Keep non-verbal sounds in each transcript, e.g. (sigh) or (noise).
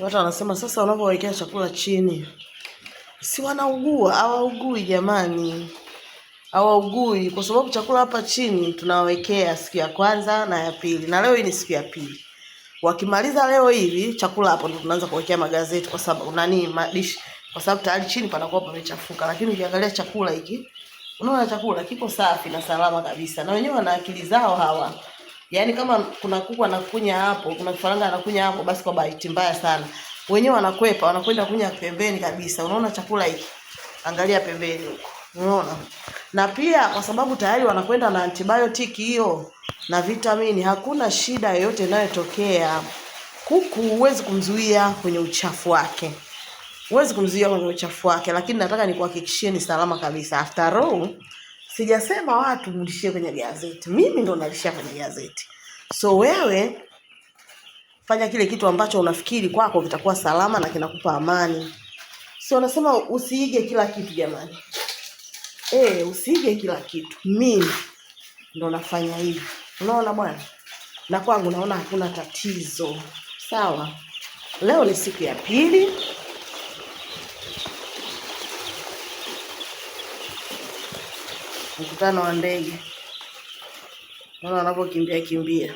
Watu wanasema sasa, wanapowekea chakula chini, si wanaugua? Hawaugui jamani, hawaugui kwa sababu chakula hapa chini tunawawekea siku ya kwanza na ya pili, na leo hii ni siku ya pili. Wakimaliza leo hivi chakula hapo, ndo tunaanza kuwekea magazeti kwa sababu nani, madishi, kwa sababu tayari chini panakuwa pamechafuka. Lakini ukiangalia chakula hiki, unaona chakula kiko safi na salama kabisa, na wenyewe wana akili zao hawa Yaani kama kuna kuku anakunya hapo, kuna kifaranga anakunya hapo, basi kwa bahati mbaya sana wenyewe wanakwepa, wanakwenda kunya pembeni kabisa. Unaona chakula hiki, angalia pembeni huko, unaona. Na pia kwa sababu tayari wanakwenda na antibiotiki hiyo na vitamini, hakuna shida yoyote inayotokea. Kuku huwezi kumzuia kwenye uchafu wake, huwezi kumzuia kwenye uchafu wake, lakini nataka nikuhakikishie ni salama kabisa after all Sijasema watu mlishie kwenye gazeti, mimi ndo nalishia kwenye gazeti. So wewe fanya kile kitu ambacho unafikiri kwako kitakuwa salama na kinakupa amani. So nasema usiige kila kitu jamani, e, usiige kila kitu. Mimi ndo nafanya hivi, unaona bwana, na kwangu naona hakuna tatizo. Sawa, leo ni siku ya pili. mkutano wa ndege, naona kimbia, kimbia.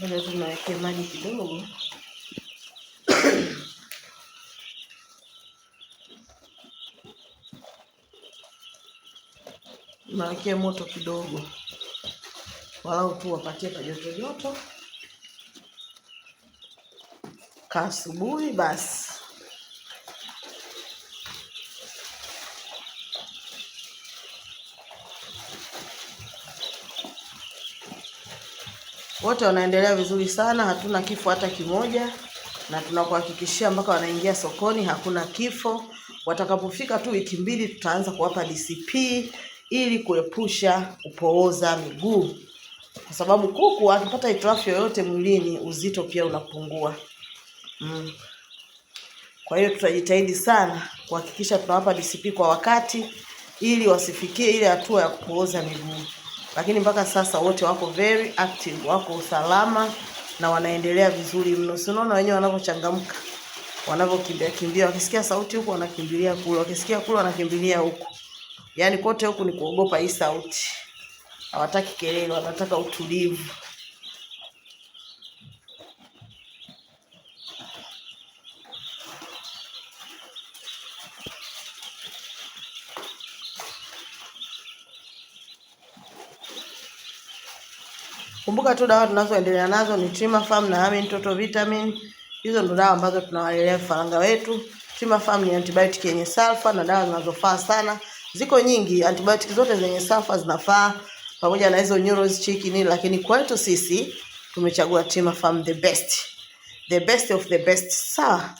bado tunaweke maji kidogo nawekea moto kidogo, walau tu wapatie pajoto joto, ka asubuhi basi. Wote wanaendelea vizuri sana, hatuna kifo hata kimoja, na tunakuhakikishia mpaka wanaingia sokoni hakuna kifo. Watakapofika tu wiki mbili, tutaanza kuwapa DCP ili kuepusha kupooza miguu, kwa sababu kuku akipata hitilafu yoyote mwilini, uzito pia unapungua mm. Kwa hiyo tutajitahidi sana kuhakikisha tunawapa DCP kwa wakati ili wasifikie ile hatua ya kupooza miguu lakini mpaka sasa wote wako very active, wako usalama na wanaendelea vizuri mno. Si unaona wenyewe wanavyochangamka, wanavyokimbia kimbia, wakisikia sauti huku wanakimbilia kule, wakisikia kule wanakimbilia huku, yaani kote huku ni kuogopa hii sauti. Hawataki kelele, wanataka utulivu. Kumbuka tu dawa tunazoendelea nazo ni Trima Farm na Amin Toto Vitamin. Hizo ndo dawa ambazo tunawalelea vifaranga wetu. Trima Farm ni antibiotic yenye sulfa na dawa zinazofaa sana. Ziko nyingi antibiotic zote zenye sulfa zinafaa pamoja na hizo neuros chiki ni lakini kwetu sisi tumechagua Trima Farm the best. The best of the best. Sawa.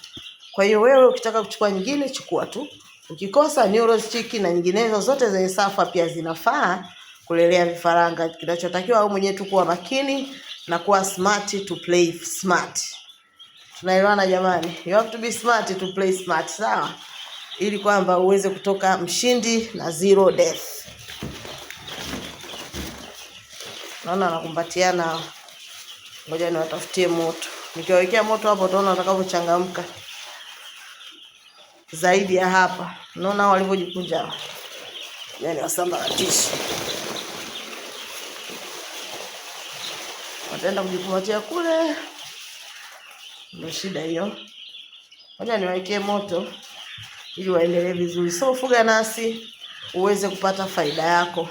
Kwa hiyo wewe ukitaka kuchukua nyingine chukua tu. Ukikosa neuros chiki na nyinginezo zote zenye sulfa pia zinafaa kulelea vifaranga. Kinachotakiwa au mwenyewe tu kuwa makini na kuwa smart to play smart. Tunaelewana jamani? You have to be smart to play smart, sawa? Ili kwamba uweze kutoka mshindi na zero death. Naona nakumbatiana, Ngoja niwatafutie moto. Nikiwawekea moto hapo utaona watakavyochangamka zaidi ya hapa. Naona walivyojikunja, yani wasambaratisha. wataenda kujikumbatia kule, ndio shida hiyo. Ngoja niwawekee moto ili waendelee vizuri. So fuga nasi uweze kupata faida yako,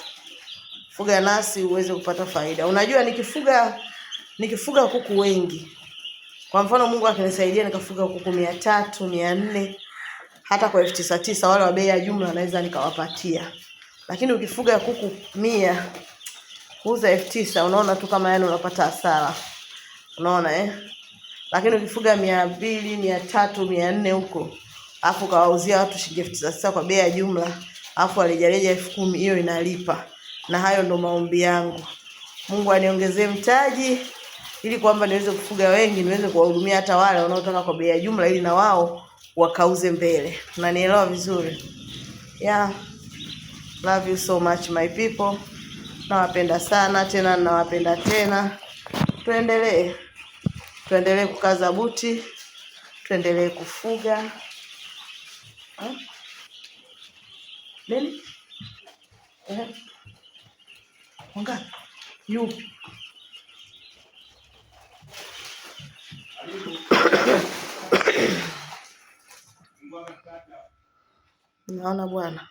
fuga nasi uweze kupata faida. Unajua, nikifuga nikifuga kuku wengi, kwa mfano Mungu akinisaidia nikafuga kuku mia tatu mia nne hata kwa elfu tisa tisa wale wa bei ya jumla naweza nikawapatia, lakini ukifuga kuku mia kuuza elfu tisa unaona tu kama yani unapata hasara, unaona eh? Lakini ukifuga mia mbili mia tatu mia nne huko afu kawauzia watu shilingi elfu tisa tisa kwa bei ya jumla, afu alijareja elfu kumi hiyo inalipa. Na hayo ndo maombi yangu, Mungu aniongezee mtaji ili kwamba niweze kufuga wengi, niweze kuwahudumia hata wale wanaotaka kwa bei ya jumla, ili na wao wakauze mbele. Unanielewa vizuri? Yeah, love you so much my people. Nawapenda sana tena, nawapenda tena. Tuendelee, tuendelee kukaza buti, tuendelee kufuga ha? Eh. Wanga? Yupi? (coughs) Naona bwana.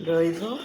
Rồi thôi.